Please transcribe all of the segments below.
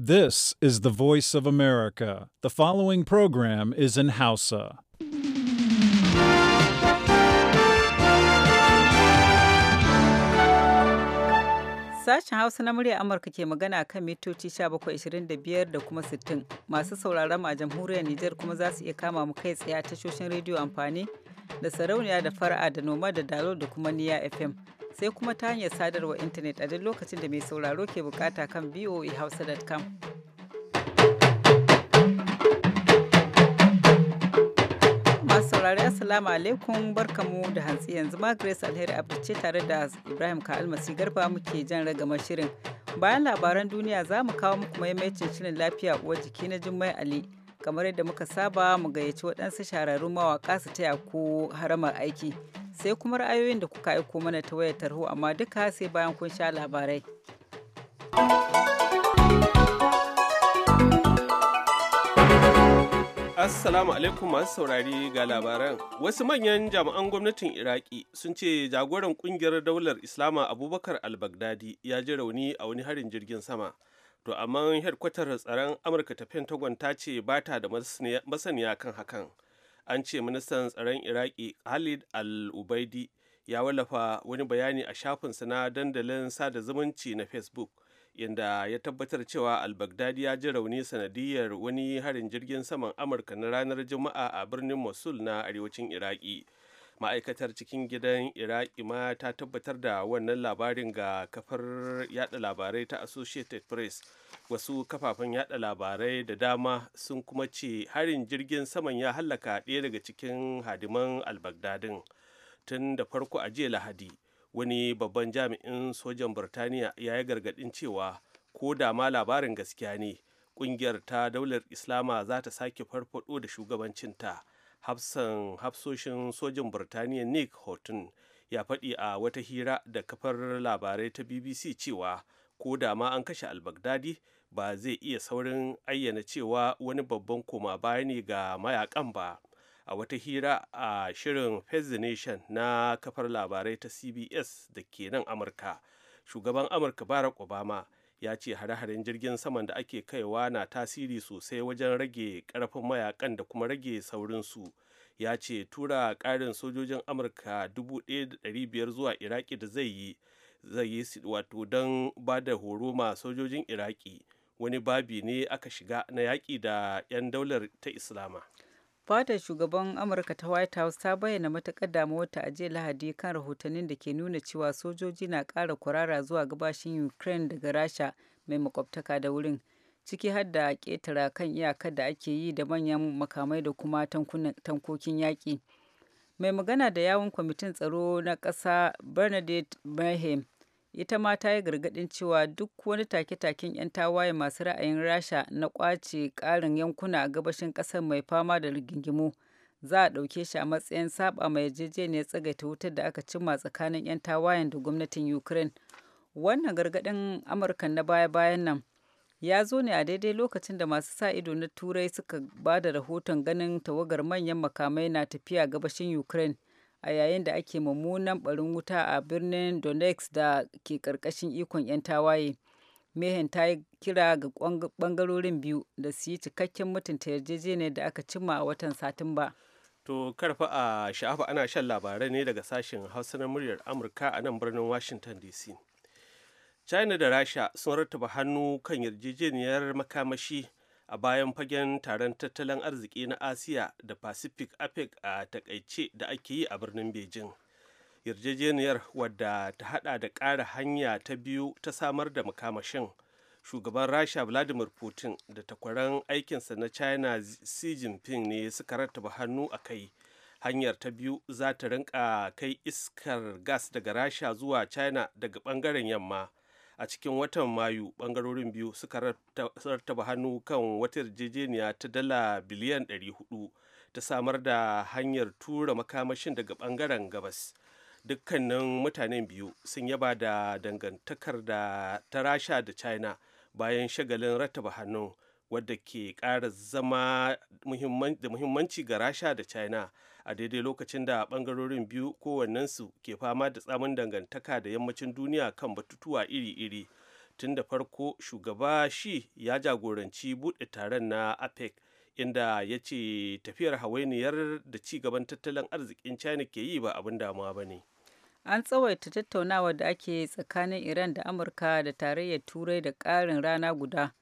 This is the voice of America. The following program is in Hausa. Sashen Hausa na murya Amurka ke magana kan mitoci 1725 da kuma 60 masu sauraron a jamhuriyar Nijar kuma za su iya kama mu kai tsaye a tashoshin rediyo amfani da sarauniya da fara'a da noma da dalo da kuma niya FM. sai kuma ta hanyar sadarwa intanet a duk lokacin da mai sauraro ke bukata kan voahausa.com. masu saurari assalamu alaikum barkamu da hantsi yanzu ma grace alheri abduce ce tare da ibrahim ka almasi garba muke jan ragamar shirin bayan labaran duniya za mu kawo muku maimacin shirin lafiya uwar jiki na jummai ali kamar yadda muka saba mu gayyaci waɗansu shararrun mawaƙa su taya ku haramar aiki sai kuma ra'ayoyin da kuka aiko mana ta wayar tarho amma duka sai bayan kun sha labarai. Assalamu alaikum masu saurari ga labaran. Wasu manyan jami'an gwamnatin Iraki sun ce jagoran kungiyar daular Islama Abubakar al-Baghdadi ya ji rauni a wani harin jirgin sama. to amma hedkwatar tsaron amurka ta pentagon ta ce ba ta da masaniya kan hakan an ce ministan tsaron iraki khalid al-ubaidi ya wallafa wani bayani a shafin shafinsa na dandalin sada zumunci na facebook inda ya tabbatar cewa al-baghdadi ya ji rauni sanadiyar wani harin jirgin saman amurka na ranar juma'a a birnin mosul na arewacin iraki ma'aikatar cikin gidan iraki ma ta tabbatar da wannan labarin ga kafar yada labarai ta associated press wasu kafafen yada labarai da dama sun kuma ce harin jirgin saman ya hallaka ɗaya daga cikin hadiman albagdadin tun da farko a jiya lahadi wani babban jami'in sojan burtaniya ya yi gargaɗin cewa ko da ma labarin gaskiya ne ƙungiyar ta daular islama za ta sake farfaɗo da shugabancinta. ta hafsan hafsoshin sojin burtaniya nick horton ya faɗi a wata hira da kafar labarai ta bbc cewa ko da ma an kashe albagdadi ba zai iya saurin ayyana cewa wani babban koma baya ne ga mayakan ba a wata hira a shirin Face Nation na kafar labarai ta cbs da ke nan amurka shugaban amurka barack obama ya ce hare-haren jirgin saman da ake kaiwa na tasiri sosai wajen rage karfin mayakan da kuma rage saurinsu ya ce tura karin sojojin amurka 1,500 zuwa iraki da zai yi zai yi wato don ba da horo ma sojojin iraki wani babi ne aka shiga na yaƙi da 'yan daular ta islama Fatar shugaban Amurka ta White House ta bayyana matuƙar damuwarta a jiya Lahadi kan rahotannin da ke nuna cewa sojoji na ƙara kurara zuwa gabashin Ukraine daga Rasha mai makwabtaka da wurin, ciki har da ƙetara kan iyakar da ake yi da manyan makamai da kuma tankokin yaƙi. Mai magana da yawun kwamitin tsaro na ƙasa Bernadette Mayhem ita ma ta yi gargaɗin cewa duk wani take-taken 'yan tawaye masu ra'ayin rasha na kwace ƙarin yankuna a gabashin ƙasar mai fama da rigingimu za a ɗauke shi a matsayin saba mai yarjejeniyar tsagaita wutar da aka cimma tsakanin 'yan tawayen da gwamnatin ukraine wannan gargaɗin amurka na baya-bayan nan ya zo ne a daidai lokacin da masu sa ido na turai suka ba da rahoton ganin tawagar manyan makamai na tafiya gabashin ukraine a yayin da ake mummunan barin wuta a birnin donetsk da ke karkashin ikon 'yan tawaye mehen ta yi kira ga bangarorin biyu da su yi cikakken mutunta yarjejeniyar da aka cimma a watan satumba to karfa a sha'afa ana shan labarai ne daga sashen hausa na muryar amurka a nan birnin washington dc china da rasha sun rattaba hannu kan yarjejeniyar makamashi a bayan fagen taron tattalin arziki na asiya da pacific apec a takaice da ake yi a birnin beijing yarjejeniyar wadda ta hada da ƙara hanya ta biyu ta samar da makamashin shugaban rasha vladimir putin da takwaran aikinsa na china xi jinping ne suka rattaba hannu a kai hanyar ta biyu za ta rinka kai iskar gas daga rasha zuwa china daga bangaren yamma a cikin watan mayu bangarorin biyu suka rattaba hannu kan wata yarjejeniya ta dala biliyan 400 ta samar da hanyar tura makamashin daga bangaren gabas dukkanin mutanen biyu sun yaba da dangantakar da ta rasha da china bayan shagalin rattaba hannun wadda ke kara zama da muhimmanci ga rasha da china a daidai lokacin da bangarorin biyu kowannensu ke fama da tsamin dangantaka da yammacin duniya kan batutuwa iri-iri tun da farko shugaba shi ya jagoranci buɗe taron na apec inda ya ce tafiyar hawainiyar da ci gaban tattalin arzikin china ke yi ba abin damuwa ba ne an tsawaita tattaunawa da ake tsakanin iran da amurka da tarayyar turai da ƙarin rana guda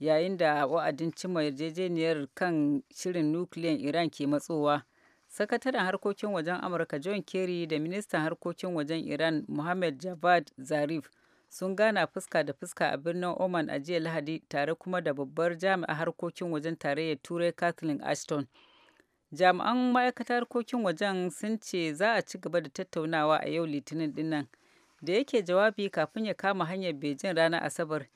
yayin da wa'adin cimma yarjejeniyar kan shirin nukiliyan iran ke matsowa sakataren harkokin wajen amurka john kerry da ministan harkokin wajen iran mohammed javad zarif sun gana fuska da fuska a birnin oman a jiya lahadi tare kuma da babbar jami'a harkokin wajen tarayyar turai kathleen ashton jami'an ma'aikatar harkokin wajen sun ce za a ci gaba da tattaunawa a yau litinin dinnan da yake jawabi kafin ya kama hanyar beijing ranar asabar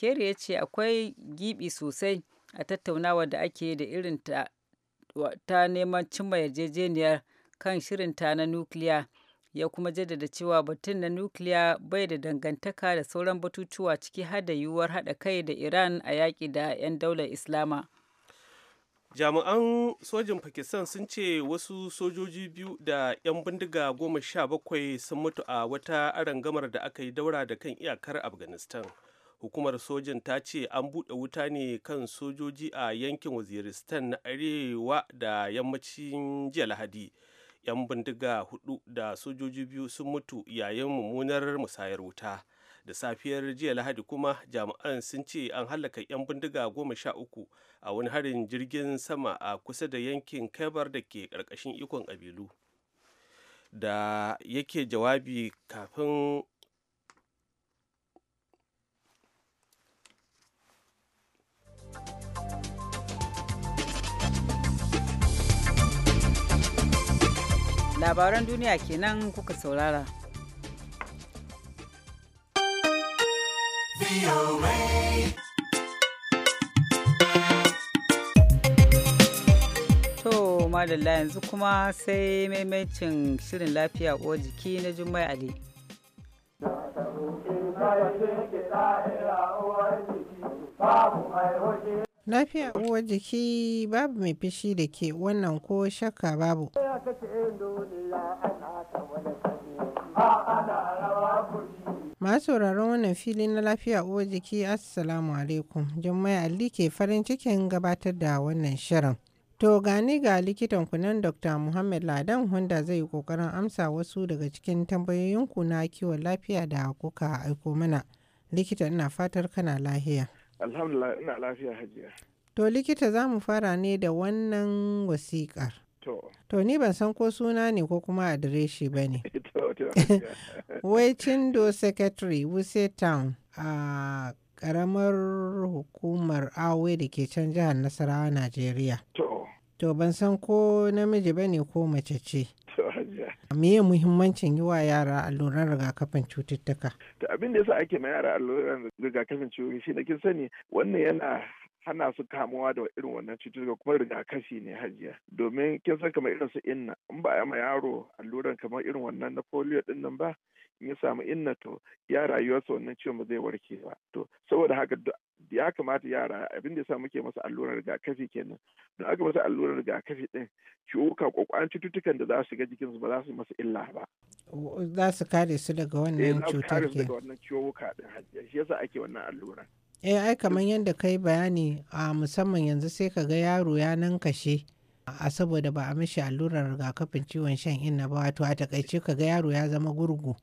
Kerry ya ce akwai gibi sosai a tattaunawar da ake da irin ta, ta neman cimma yarjejeniyar kan shirinta na nukiliya ya kuma jaddada cewa batun na nukiliya bai da dangantaka da sauran batutuwa ciki har yiwuwar haɗa kai da iran a yaƙi da 'yan daular islama jami'an sojin pakistan sun ce wasu sojoji biyu da 'yan bindiga goma sha bakwai sun mutu a wata arangamar da aka yi daura da kan iyakar afghanistan hukumar sojin ta ce an buɗe wuta ne kan sojoji a yankin waziristan na arewa da yammacin jiya lahadi yan bindiga hudu da sojoji biyu sun mutu yayin mummunar musayar wuta da safiyar jiya lahadi kuma jami'an sun ce an hallaka 'yan bindiga goma sha uku a wani harin jirgin sama a kusa da yankin kebar da ke karkashin ikon ƙabilu da yake jawabi kafin labaran duniya kenan kuka saurara to madalla yanzu kuma sai maimacin shirin lafiya uwar jiki na jummai ali babu Lafiya uwar jiki babu mai fishi da ke wannan ko shakka babu. Eh, Masu sauraron wannan fili na lafiya uwar jiki Assalamu alaikum. Jummai Ali ke farin cikin gabatar da wannan shirin. To gani ga likitan kunan Dr. Muhammad Ladan wanda zai yi kokarin amsa wasu daga cikin tambayoyinku na kiwon lafiya da kuka aiko mana. Likita ina fatar kana lahiya. Alhamdulillah ina lafiya hajiya. To likita za mu fara ne da wannan wasiƙar. To. To ni ban san ko suna ne ko kuma adireshi ba ne. Wai do Secretary Wuse Town a ƙaramar hukumar Awe da ke can jihar Nasarawa, Najeriya. To. To ban san ko namiji ba ne ko mace ce. Meye muhimmancin yi wa yara alluran rigakafin cututtuka? ta abin da yasa ake ma yara alluran rigakafin cututtuka shi da kin sani wannan yana hana su kamuwa da irin wannan cututtuka kuma rigakafi ne hajiya domin kin san kamar irin su inna in ba a ma yaro alluran kamar irin wannan na polio din nan ba in ya samu inna to ya rayuwarsa wannan ciwon ba zai warke ba to saboda haka ya kamata yara abin da sa muke masa allurar rigakafi kenan don aka masa allurar rigakafi din ciwuka kwakwan cututtukan da za su shiga jikinsu ba za su masa illa ba za su kare su daga wannan eh, cutar ke kare su daga wannan ciwuka din shi yasa ake wannan allurar eh ai kamar yadda kai bayani a musamman yanzu sai ka ga yaro ya nan kashe a saboda ba a mishi allurar rigakafin ciwon shan inna ba wato a takaice ka ga yaro ya zama gurgu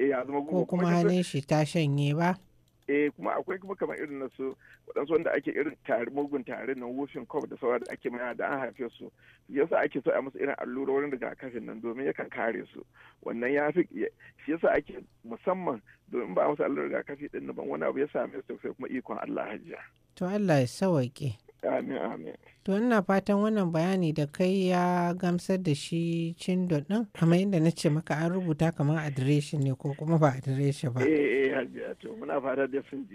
Eh, ya zama ko kuma hannun shi ta shanye ba eh kuma akwai kuma kamar irin na su waɗansu wanda ake irin tari mugun tare na wufin kof da sauran da ake mana da an haife su yasa ake so a musu irin daga kafin nan domin yakan kare su wannan ya fi shi yasa ake musamman domin ba a musu daga rigakafi din nan ban wani abu ya same su sai kuma ikon Allah hajiya to Allah ya sawaƙe Amin amin. To ina fatan wannan bayani da kai ya gamsar da shi cindo ɗin kamar yadda na ce maka an rubuta kamar adireshi ne ko kuma ba adireshi ba. Eh eh to muna fata da sun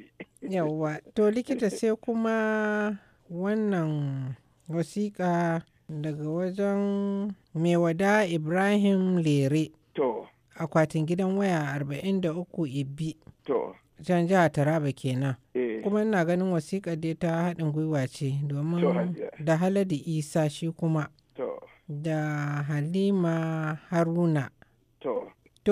Yawwa to likita sai kuma wannan wasiƙa daga wajen mewada Ibrahim Lere. To. Akwatin gidan waya 43 Ibi. To. can jihar taraba kenan eh. kuma ina ganin wasiƙa dai ta haɗin gwiwa ce domin da Haladi isa shi kuma da halima haruna to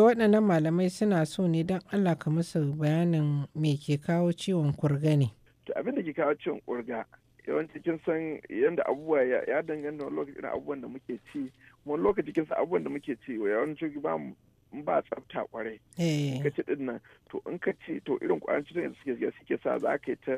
waɗannan malamai suna so ne don allah ka musu bayanin me ke kawo ciwon kurga ne to abin da ke kawo ciwon kurga yawanci kin san yadda abubuwa ya danganta wani lokacin abubuwan da muke ci wani lokaci kin san abubuwan da muke ci yawanci ba mu in ba tsafta kwarai eh. ka ci din nan to in ka ci to irin kwanci cutar da suke sa za ka yi ta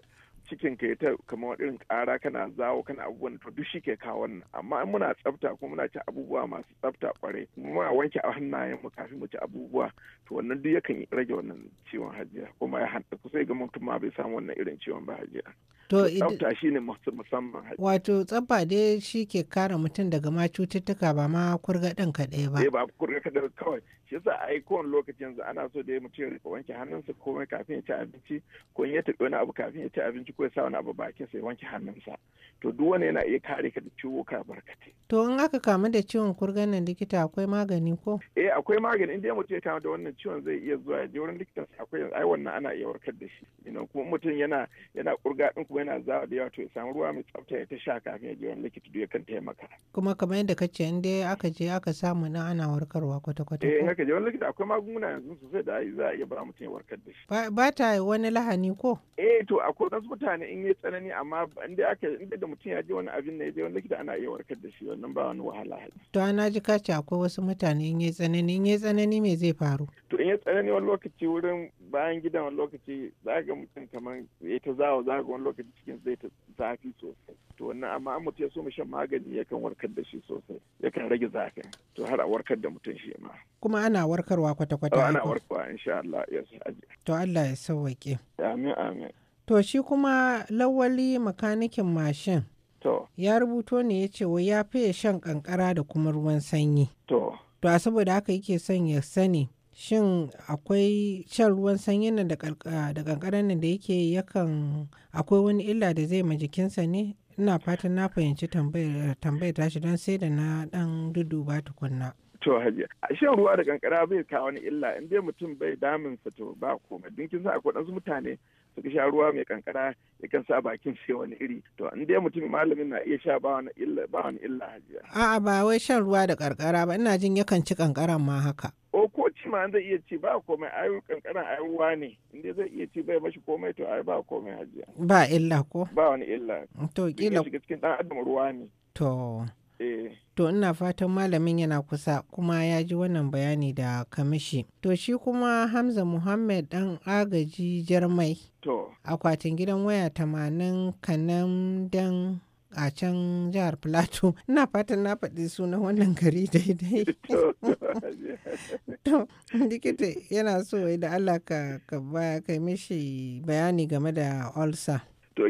cikin ka ta kamar irin ƙara kana zawo kana abubuwan to duk shi ke kawo wannan amma in muna tsafta kuma muna ci abubuwa masu tsafta kwarai muna wanke hannayen mu kafin mu ci abubuwa to wannan duk yakan rage wannan ciwon hajiya kuma ya hanta kusa ga mutum ma bai samu wannan irin ciwon ba hajiya to tsafta ne musamman hajiya wato tsafta dai shi ke kare mutum daga ma cututtuka ba ma kurga ka kaɗai ba eh, ba kurga ka ɗaya kawai shi yasa a kowane lokaci yanzu ana so da ya mutum ya wanke hannunsa komai kafin ya ci abinci ko in ya taɓi wani abu kafin ya ci abinci ko ya sa wani abu bakin sa ya wanke hannunsa to duk wani yana iya kare ka da ciwo ka barkate to in aka kamu da ciwon kurgan nan likita akwai magani ko eh akwai magani in mutum ya kamu da wannan ciwon zai iya zuwa ya je wurin likita akwai akwai ai wannan ana iya warkar da shi ina kuma mutum yana yana kurga din kuma yana zawa da yawa to ya samu ruwa mai tsafta ya ta sha kafin ya je wurin likita duk yakan taimaka kuma kamar yadda kace in dai aka je aka samu na ana warkarwa kwata kwata eh haka je wurin likita akwai magunguna yanzu sosai da za a iya ba mutum ya warkar da shi ba ta wani lahani ko eh to akwai wasu mutane in yi tsanani amma inda aka in da mutum ya je wani abin ne ya je wani likita ana iya warkar da shi wannan ba wani wahala to ana ji ka ce akwai wasu mutane in yi tsanani in yi tsanani me zai faru to in yi tsanani wani lokaci wurin bayan gidan wani lokaci za ga mutum kamar ya ta zawo za ga wani lokaci cikin zai ta zafi sosai to wannan amma an mutum ya so mu shan magani kan warkar da shi sosai kan rage zafi to har a warkar da mutum shi ma kuma ana warkarwa kwata-kwata ana warkarwa insha Allah yes to Allah ya sauwaƙe amin amin To shi kuma lawali makanikin mashin. To. Ya rubuto ne ya ce wai ya fiye shan kankara da kuma ruwan sanyi. To. To a saboda haka yake son ya sani shin akwai shan ruwan sanyi nan da kankara nan da yake yakan akwai wani illa da zai ma jikinsa ne? Ina fatan na fahimci tambayar tashi don sai da na dan duduba tukunna. to hajiya a shan ruwa da kankara bai kawo wani illa in dai mutum bai damunsa to ba komai din kin sa akwai ɗansu mutane suka sha ruwa mai kankara ya kan sa bakin sai wani iri to in dai mutum malamin na iya sha ba wani illa ba wani illa hajiya a'a ba wai shan ruwa da kankara ba ina jin yakan ci kankaran ma haka o ko ci ma zai iya ci ba komai ayu kankara ayu ruwa ne in dai zai iya ci bai mashi komai to ai ba komai hajiya ba illa ko ba wani illa to kila cikin dan adam ruwa ne to eh To ina fatan malamin yana kusa kuma ya ji wannan bayani da kamishi. To shi kuma Hamza Muhammad ɗan agaji jarmai. To. Akwatin gidan waya tamanin kanan dan a can jihar Plateau. Ina fatan na faɗi sunan wannan gari daidai. To, likita yana so da Allah ka mishi bayani game da ulcer. To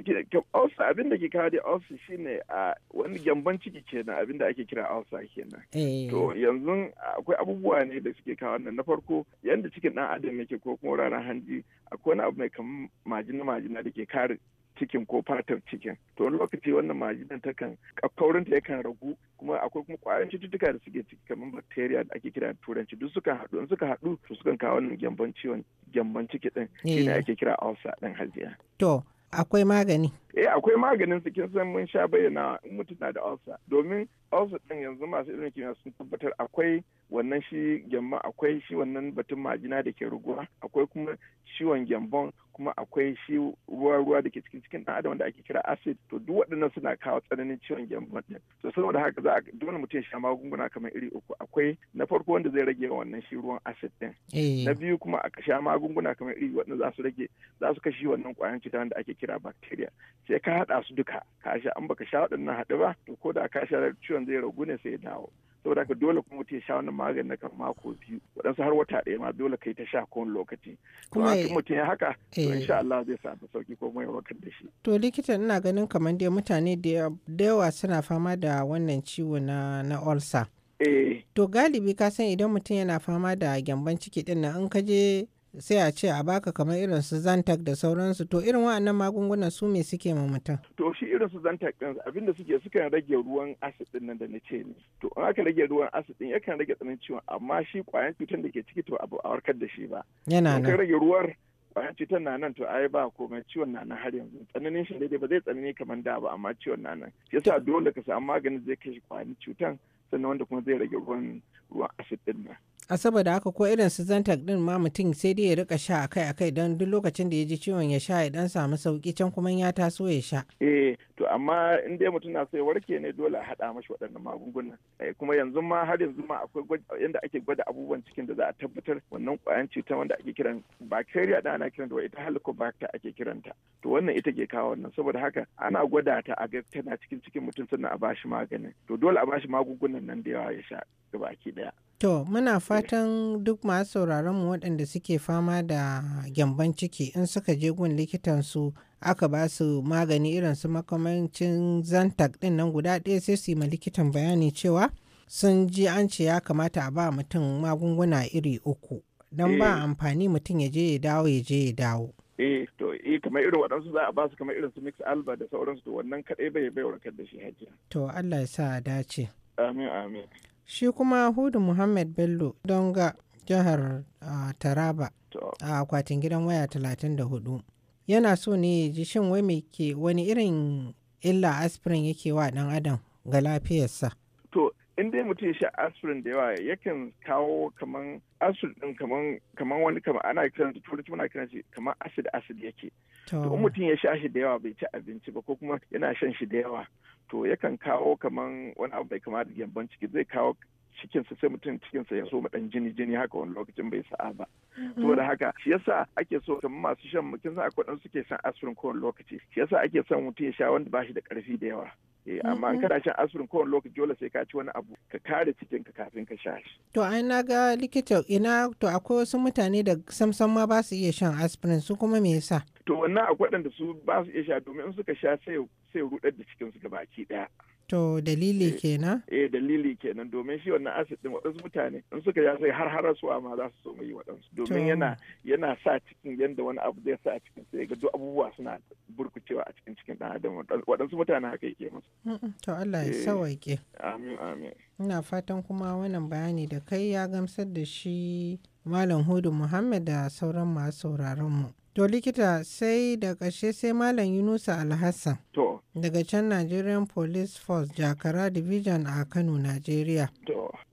ausa abin da ke kawo da shine a wani gyamban ciki kenan abin da ake kira ke kenan. Eh. To yanzu akwai abubuwa ne da suke kawo nan na farko yanda cikin dan adam yake ko kuma wuraren hanji akwai wani abu mai kamar majina majina da ke kare cikin ko fatar cikin to wani lokaci wannan majinan takan ya yakan ragu kuma akwai kuma kwayoyin cututtuka da suke ciki kamar bacteria da ake kira turanci duk suka haɗu in suka haɗu to sukan kawo wannan gyambon ciwon gyambon ciki din eh. shine ake kira ulcer din hajiya to Akwai magani? Eh, akwai maganin su kin mun sha bayyana in na da ulcer domin outset din yanzu masu ilimin kimiyya sun tabbatar akwai wannan shi gyamma akwai shi wannan batun majina da ke ruguwa akwai kuma ciwon gyambon kuma akwai shi ruwa ruwa da ke cikin cikin ɗan adam wanda ake kira acid to duk waɗannan suna kawo tsananin ciwon gyambon din to saboda haka za a dole mutum ya sha magunguna kamar iri uku akwai na farko wanda zai rage wannan shi ruwan acid din eh. na biyu kuma a sha magunguna kamar iri waɗanda za su rage za su kashe wannan ƙwayan cuta wanda ake kira bacteria sai ka haɗa su duka ka sha an baka sha waɗannan haɗu ba to ko da ka sha ciwon ciwon zai ragu ne sai ya dawo saboda haka dole kuma mutum sha wani magani na kan mako biyu waɗansu har wata ɗaya ma dole kai ta sha kowane lokaci kuma in mutum ya haka to eh. insha Allah zai samu sauki ko mai ya da shi to likita ina ganin kamar dai mutane da yawa suna fama da wannan ciwo na na ulcer eh. to galibi ka san idan mutum yana fama da gyamban ciki din nan in ka je sai a ce a baka kamar irin su zantac da sauransu to irin wa'annan magungunan su me suke ma mutum to shi irin su zantac din abinda suke sukan rage ruwan acid din nan da na ce ne to in aka rage ruwan acid din yakan rage tsananin ciwon amma shi ƙwayan cutar da ke ciki to a warkar da shi ba yana nan rage ruwar ƙwayan cutar na nan to ai ba komai ciwon na nan har yanzu tsananin shi daidai ba zai tsanani kamar da ba amma ciwon na nan yasa dole ka samu maganin zai kashe ƙwayan cutan sannan wanda kuma zai rage ruwan ruwan acid din nan a saboda haka ko irin su zantak din ma mutum sai dai ya rika sha akai akai don duk lokacin da ya ji ciwon ya sha ya dan samu sauki can kuma ya taso ya sha eh, to amma in dai mutum na sai warke ne dole a haɗa mashi waɗannan magungunan eh, kuma yanzu ma har yanzu ma akwai yadda ake gwada abubuwan cikin da za a tabbatar wannan ƙwayan ta wanda ake kiran bacteria da ana kiranta ita helicobacter ake kiranta to wannan ita ke kawo wannan saboda haka ana gwada ta a ga tana cikin cikin mutum sannan a bashi maganin to dole a bashi magungunan nan da yawa ya sha gabaki daya To, muna fatan duk masu sauraron mu waɗanda suke fama da gyamban ciki in suka je gun su. aka ba su magani irin su makamancin zantak ɗin nan guda ɗaya sai su yi ma likitan bayani cewa sun ji an ce ya kamata a ba mutum magunguna iri uku don ba eh. amfani mutum ya je ya dawo ya je ya dawo. eh to eh kamar irin waɗansu za a ba su kamar irin su mix alba da sauransu to wannan kaɗai bai bai warkar da shi hajiya. to Allah ya sa a dace. amin amin. shi kuma hudu muhammad bello don ga jihar ah, taraba a akwatin gidan waya talatin da hudu. yana so ne ya ji shin wai mai ke wani irin illa aspirin yake wa dan adam ga lafiyarsa. To, in dai mutum ya sha aspirin da yawa yakan kawo kaman aspirin din kaman kaman wani kaman ana kiran da turanci muna kiran shi kaman acid acid yake. To, in mutum ya sha shi da yawa bai ci abinci ba ko kuma yana shan shi da yawa. To, yakan kawo kaman wani abu bai kama da gyambon ciki zai kawo cikinsa sai mutum cikinsa ya so ma dan jini jini haka wani lokacin bai sa'a ba mm-hmm. da haka shi yasa ake so kamar masu shan mutum sa akwai dan suke san aspirin kowane lokaci shi yasa ake son mutum ya sha wanda ba shi da karfi da yawa eh, amma an mm-hmm. kana shan aspirin kowane lokaci dole sai ka ci wani abu ka kare cikinka kafin ka sha shi. To ai na ga likita ina to akwai wasu mutane da samsam ma ba su iya shan aspirin su kuma me yasa? To wannan akwai da su ba su iya sha domin in suka sha sai sai rudar da cikin su gabaki daya To dalili eh, kenan? Eh dalili kenan domin shi wannan acid din waɗansu mutane in suka ya sai har har su ma za su so yi waɗansu domin yana yana sa cikin yadda wani abu zai sa cikin sai ga duk abubuwa suna burkucewa a cikin cikin ɗan adam waɗansu mutane haka yake musu. To Allah ya eh, sawaike. Amin amin. Ina fatan kuma wannan bayani da kai ya gamsar da shi Malam Hudu Muhammad da sauran masu sauraron mu. To likita sai da kashe sai Malam Yunusa Alhassan. To. Daga can Nigerian Police Force Jakara Division a Kano, Najeriya.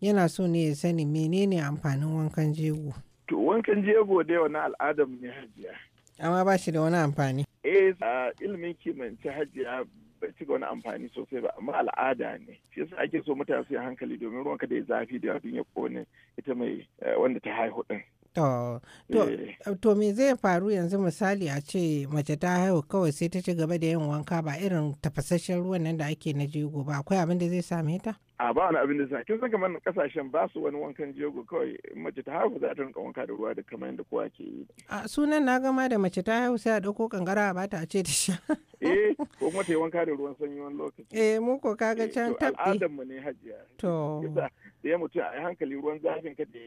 Yana so ne ya sani menene amfanin wankan jego. To wankan jego dai wani al'adar ne hajiya. Amma ba shi da wani amfani. Eh a ilimin kimanci hajiya bai ci wani amfani sosai ba amma al'ada ne shi yasa ake so mutane su hankali domin ruwan kada ya zafi da abin ya kone ita mai eh, wanda ta haihu din Eh. To, me zai faru yanzu misali a ce mace ta haihu kawai sai ta ci gaba da yin wanka ba irin tafasasshen ruwan nan da ake na jego ba akwai abin da zai same ta? a ba wani abin da suna kin san kamar kasashen ba su wani wankan jego kawai mace ta haihu za ta rinka wanka da ruwa da kamar yadda kowa ke yi a sunan na gama da mace ta haihu sai a dauko kankara a bata a ce ta sha eh ko kuma ta yi wanka da ruwan sanyi wani lokaci eh mu ko kaga eh, can tabbi to mu ne hajiya to da ya mutu a hankali ruwan zafin ka da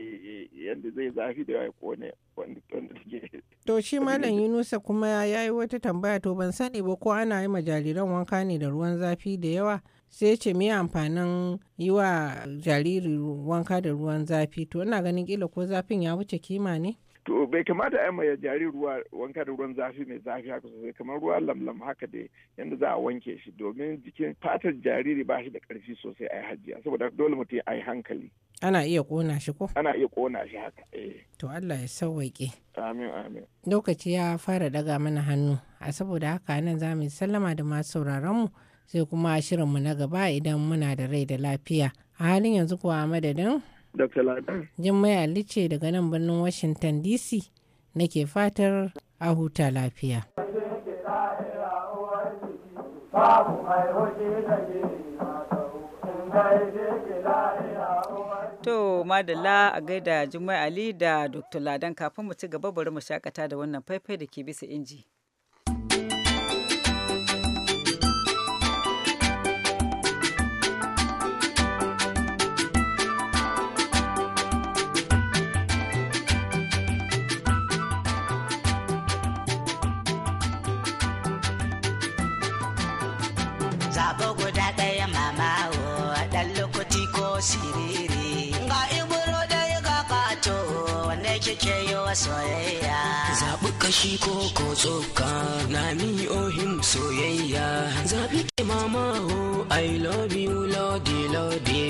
yanda zai zafi da ya kone wanda wanda take to shi malam Yunusa kuma ya yi wata tambaya to ban sani ba ko ana yi ma jariran wanka ne da ruwan zafi da yawa sai ce me amfanin yi wa jariri wanka da ruwan zafi to ina ganin kila ko zafin ya wuce kima ne to bai kamata a mai jariri ruwa wanka da ruwan zafi mai zafi haka sosai kamar ruwa lamlam haka dai yadda za a wanke shi domin jikin fatar jariri ba shi da karfi sosai a hajiya saboda dole mutum a yi hankali ana iya kona shi ko ana iya kona shi haka eh to Allah ya sauwaƙe amin amin lokaci ya fara daga mana hannu a saboda haka nan za mu sallama da masu sauraron mu sai kuma shirinmu na gaba idan muna da rai da lafiya a halin yanzu kuwa Madadin? madadin mai alice daga nan birnin washington dc nake fatar a huta lafiya To madalla a gaida Jummai Ali da Dr. Ladan kafin mu ci gaba bari mu shakata da wannan faifai da ke bisa inji. soyayya zaɓi kashi ko ko tsoka na mi ohim soyayya zaɓi ke mama ho i love you lordy lordy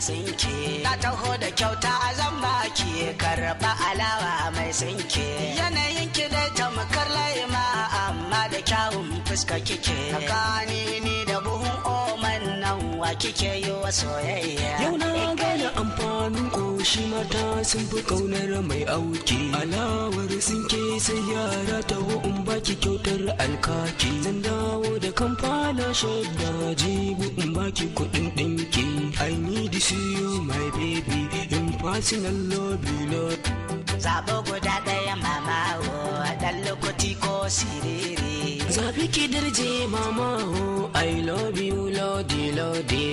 sinke ta taho da kyauta a zamba ke karba alawa mai sinke yanayin ki dai tamkar laima amma da kyawun fuska kike tsakani ni da buhun oman nan wa kike yi wa soyayya yau na gane amfanin ƙoshi mata sun fi kaunar mai auki alawar sinke sai yara taho in baki kyautar alkaki zan dawo da kamfana shaida jibu in baki kuɗin see you my baby in personal love you know zaɓo guda ɗaya mama o oh, a lokaci ko siriri zaɓi ki darje mama o oh, i love you lordy lordy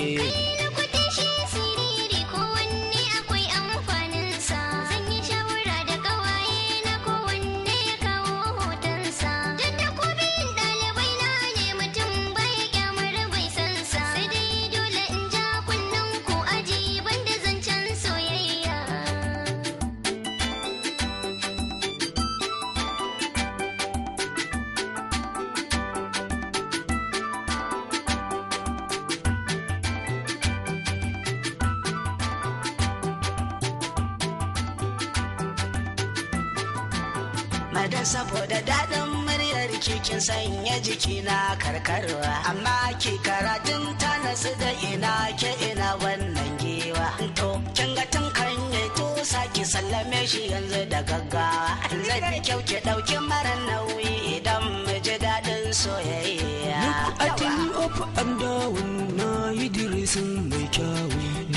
jiki na karkarwa amma ki karatun ta nasu da ina ke ina wannan giwa to kin ga tun kan ne to saki sallame shi yanzu da gaggawa zai da kyau ki dauki mara nauyi idan mu ji dadin soyayya look at the up and down na idirisin mai kyawu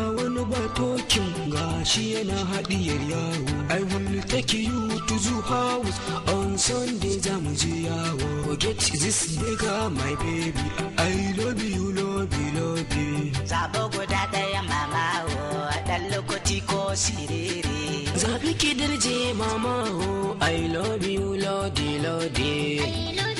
yana wani batokin gashi yana haɗiyar yawo I will take you to zoo house on Sunday za mu je yawo forget this nigga my baby I love you love you love you Zabo guda ɗaya mama o ɗan lokaci ko sirere Zaɓi ki dirje mama o I love you love you love you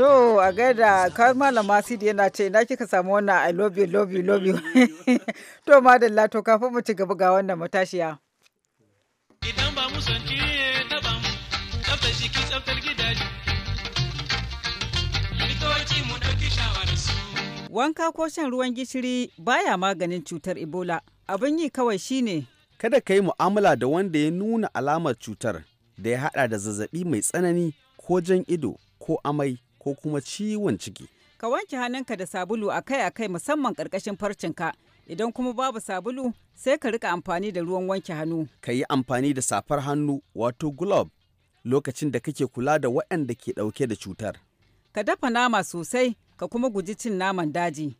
To a gaida kawai malama Sidi yana ce ina kika samu wannan I love you love you love you. to madalla to kafin mu ci gaba ga wannan matashiya. Idan ba mu san ta ba mu tsaftar jiki tsaftar gidaje. mu ɗauki shawarar su. Wanka ko shan ruwan gishiri baya maganin cutar Ebola. Abin yi kawai shine. Kada ka yi mu'amala da wanda ya nuna alamar cutar da ya haɗa da zazzaɓi mai tsanani ko jan ido ko amai ko kuma ciwon ciki. Ka wanke hannunka da sabulu akai-akai musamman ƙarƙashin farcinka. Idan kuma babu sabulu sai ka rika amfani da ruwan wanke hannu. Ka yi amfani da safar hannu wato glove lokacin da kake kula da waɗanda ke ɗauke da cutar. Ka dafa nama sosai ka kuma guji cin naman daji.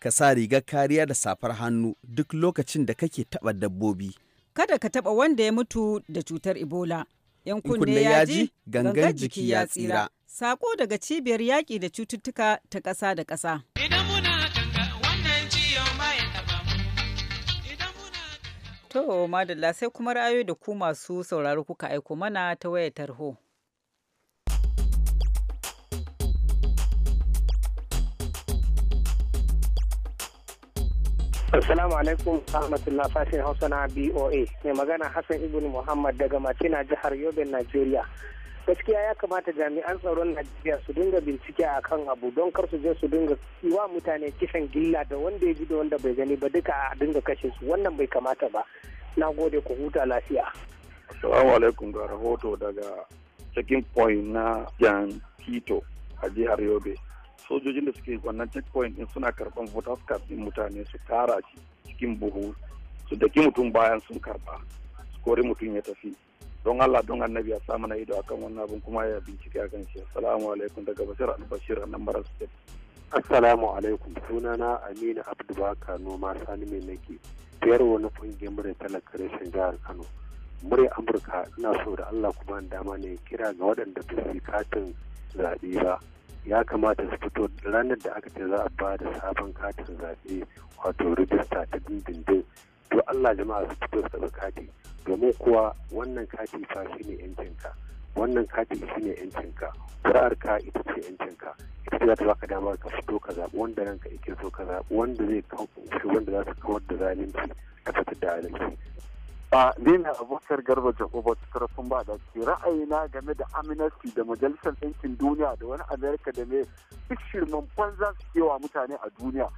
Ka sa rigar kariya da safar hannu duk lokacin da kake taɓa dabbobi. Kada ka taɓa wanda ya mutu da cutar Ebola. In kunne ya ji gangan jiki ya tsira. Sako daga cibiyar yaƙi da cututtuka ta ƙasa da ƙasa. To, madalla sai kuma ra'ayoyi da ku masu sauraro kuka aiko mana ta wayar tarho. Assalamu alaikum rahmatullah sashen Hausa na BOA mai magana Hassan Ibn Muhammad daga Matina jihar Yobe Najeriya. gaskiya ya kamata jami'an tsaron najeriya su dinga bincike a kan abu don kar su je su dinga wa mutane kisan gilla da wanda ya ji da wanda bai gani ba duka a dinga kashe su wannan bai kamata ba na gode ku huta lafiya assalamu alaikum ga rahoto daga checking point na jan tito a jihar yobe sojojin da suke wannan checkpoint din suna karban voters card din mutane su tara cikin buhu su daki mutum bayan sun karba su kori mutum ya tafi don Allah don annabi ya sa mana ido akan wannan abin kuma ya bincike akan shi assalamu alaikum daga bashir albashir nan su assalamu alaikum sunana aminu abdubakar noma sani mai nake fiyar wani kungiyar murya talaka jihar kano murya amurka ina so da allah kuma dama ne kira ga waɗanda ba su katin zaɓe ba ya kamata su fito ranar da aka ce za a ba da sabon katin zaɓe wato rijista ta dindindin to allah jama'a su fito su katin domin kuwa wannan kati fa shi ne yancinka wannan kati shi ne yancinka ka ita ce yancinka ita ce za ta baka damar ka fito ka zaɓi wanda ka yake so ka zaɓi wanda zai kawo wanda za su kawar da zalunci a fitar da zalunci a na abokar garba ta tarafin ba da ke ra'ayina game da amnesty da majalisar ɗinkin duniya da wani amerika da ne duk shirman banza su wa mutane a duniya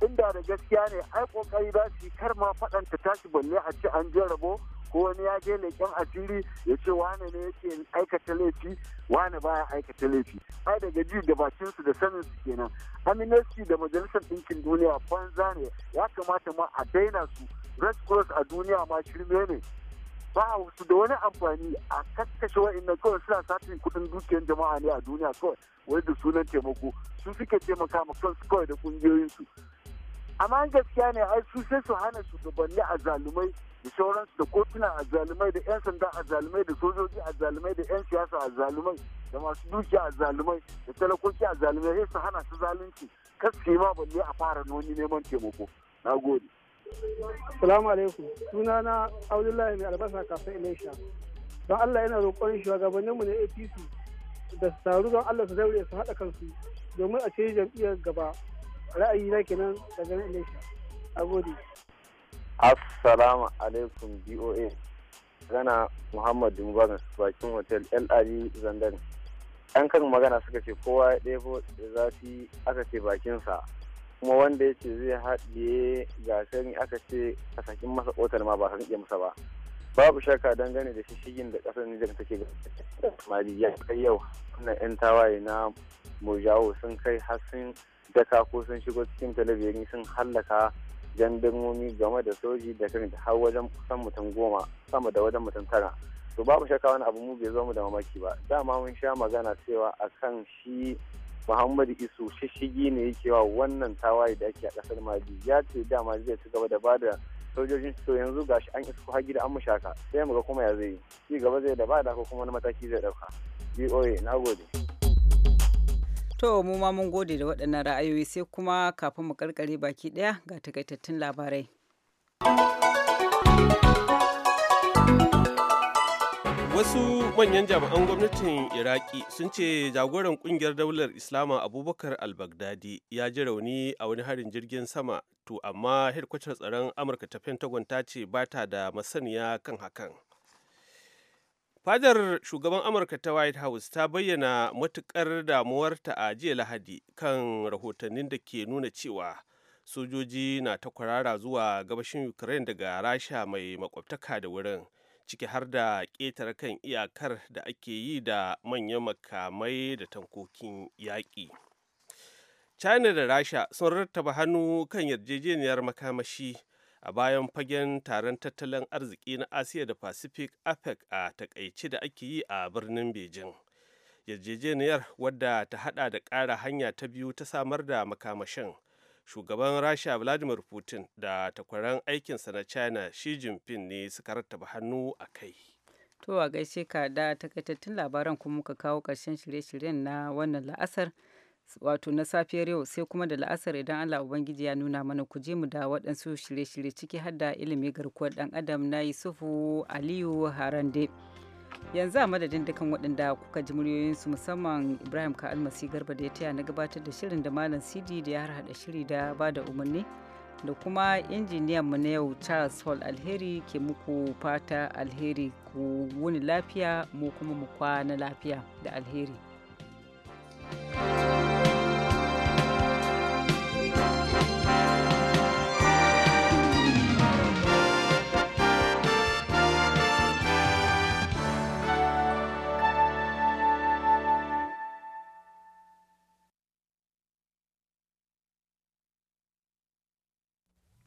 inda da gaskiya ne ai kokari ba su kar ma faɗan ta tashi balle a ci an jarabo. ko wani ya je leƙen asiri ya ce wane ne yake aikata laifi wane baya aikata laifi ai daga ji da bakin su da sanin su kenan aminesti da majalisar ɗinkin duniya banza ne ya kamata ma a daina su red cross a duniya ma shirme ne ba su da wani amfani a kakkashe wa'annan kawai suna satin kudin dukiyar jama'a ne a duniya kawai wai da sunan taimako su suke taimaka ma kansu kawai da kungiyoyinsu amma gaskiya ne ai su sai su hana shugabanni a zalumai da sauransu da kotuna a zalumai da 'yan sanda a zalumai da sojoji a zalumai da 'yan siyasa a zalumai da masu dukiya a zalumai da talakoki a zalumai sai su hana su zalunci kas ma balle a fara noni neman taimako na gode salamu alaikum suna na abdullahi mai albasa kafin ilaisha don allah yana roƙon shugabanninmu na apc da su taru don allah su zaure su haɗa kansu domin a ce jam'iyyar gaba ra'ayi na kenan daga ilaisha a gode Assalamu alaikum BOA. Gana Muhammad Dumbagan bakin hotel El Zandani. Yan kan magana suka ce kowa ya ɗebo da zafi aka ce bakinsa. Kuma wanda ya ce zai haɗiye sani aka ce a sakin masa otal ma ba rike masa ba. Babu shakka dangane da shishigin da ƙasar Nijar take ga Mali ya kai yau wannan 'yan tawaye na mujawo sun kai har sun daka ko sun shigo cikin talabijin sun hallaka jandarmomi game da soji da kan har wajen kusan mutum goma sama da wajen mutum tara to babu shakka wani abu mu bai zo mu da mamaki ba dama mun sha magana cewa kan shi muhammadu isu shishigi ne yake wa wannan tawaye da ake a kasar mali ya ce dama zai ci gaba da bada sojojin to yanzu gashi an isko har gida an mu shaka sai mu ga kuma ya zai yi ci gaba zai da bada ko kuma wani mataki zai dauka boa na gode To mu ma mun gode da waɗannan ra'ayoyi sai kuma kafin mu karkare baki ɗaya ga takaitattun labarai. Wasu manyan jami'an gwamnatin Iraki sun ce jagoran kungiyar daular Islama Abubakar al-Baghdadi ya ji rauni a wani harin jirgin sama to amma hirkwacin tsaron Amurka ta Pentagon ta ce ba ta da masaniya kan hakan. fadar shugaban amurka ta white house ta bayyana matukar damuwarta a jiya lahadi kan rahotannin da ke nuna cewa sojoji na ta kwarara zuwa gabashin ukraine daga rasha mai makwabtaka da wurin ciki har da ƙetare kan iyakar da ake yi da manyan makamai da tankokin yaƙi china da rasha sun rattaba hannu kan yarjejeniyar makamashi a bayan fagen taron tattalin arziki na asiya da pacific apec a takaici da ake yi a birnin beijing yarjejeniyar wadda ta hada da ƙara hanya ta biyu ta samar da makamashin shugaban rasha vladimir putin da takwaran aikinsa na china xi jinping ne suka rattaba hannu a kai to a gaishe ka da takaitattun labaran kuma muka kawo ƙarshen shirye-shiryen na wannan la'asar wato na safiyar yau sai kuma da la'asar idan Allah Ubangiji ya nuna mana ku je mu da waɗansu shirye-shirye ciki har da ilimi garkuwar ɗan adam na Yusufu Aliyu Harande. Yanzu a madadin dukan waɗanda kuka ji muryoyinsu musamman Ibrahim Ka Almasi Garba da ya taya na gabatar da shirin da Malam Sidi da ya harhaɗa shiri da ba da umarni da kuma injiniyan mu na yau Charles Hall Alheri ke muku fata alheri ku wuni lafiya mu kuma mu kwana lafiya da alheri. thank you